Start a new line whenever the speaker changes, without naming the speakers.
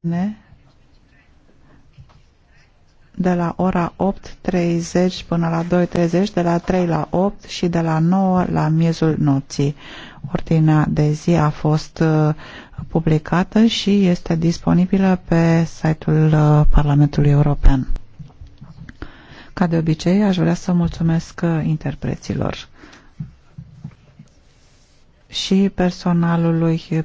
Ne? de la ora 8.30 până la 2.30, de la 3 la 8 și de la 9 la miezul nopții. Ordinea de zi a fost uh, publicată și este disponibilă pe site-ul uh, Parlamentului European. Ca de obicei, aș vrea să mulțumesc uh, interpreților
și personalului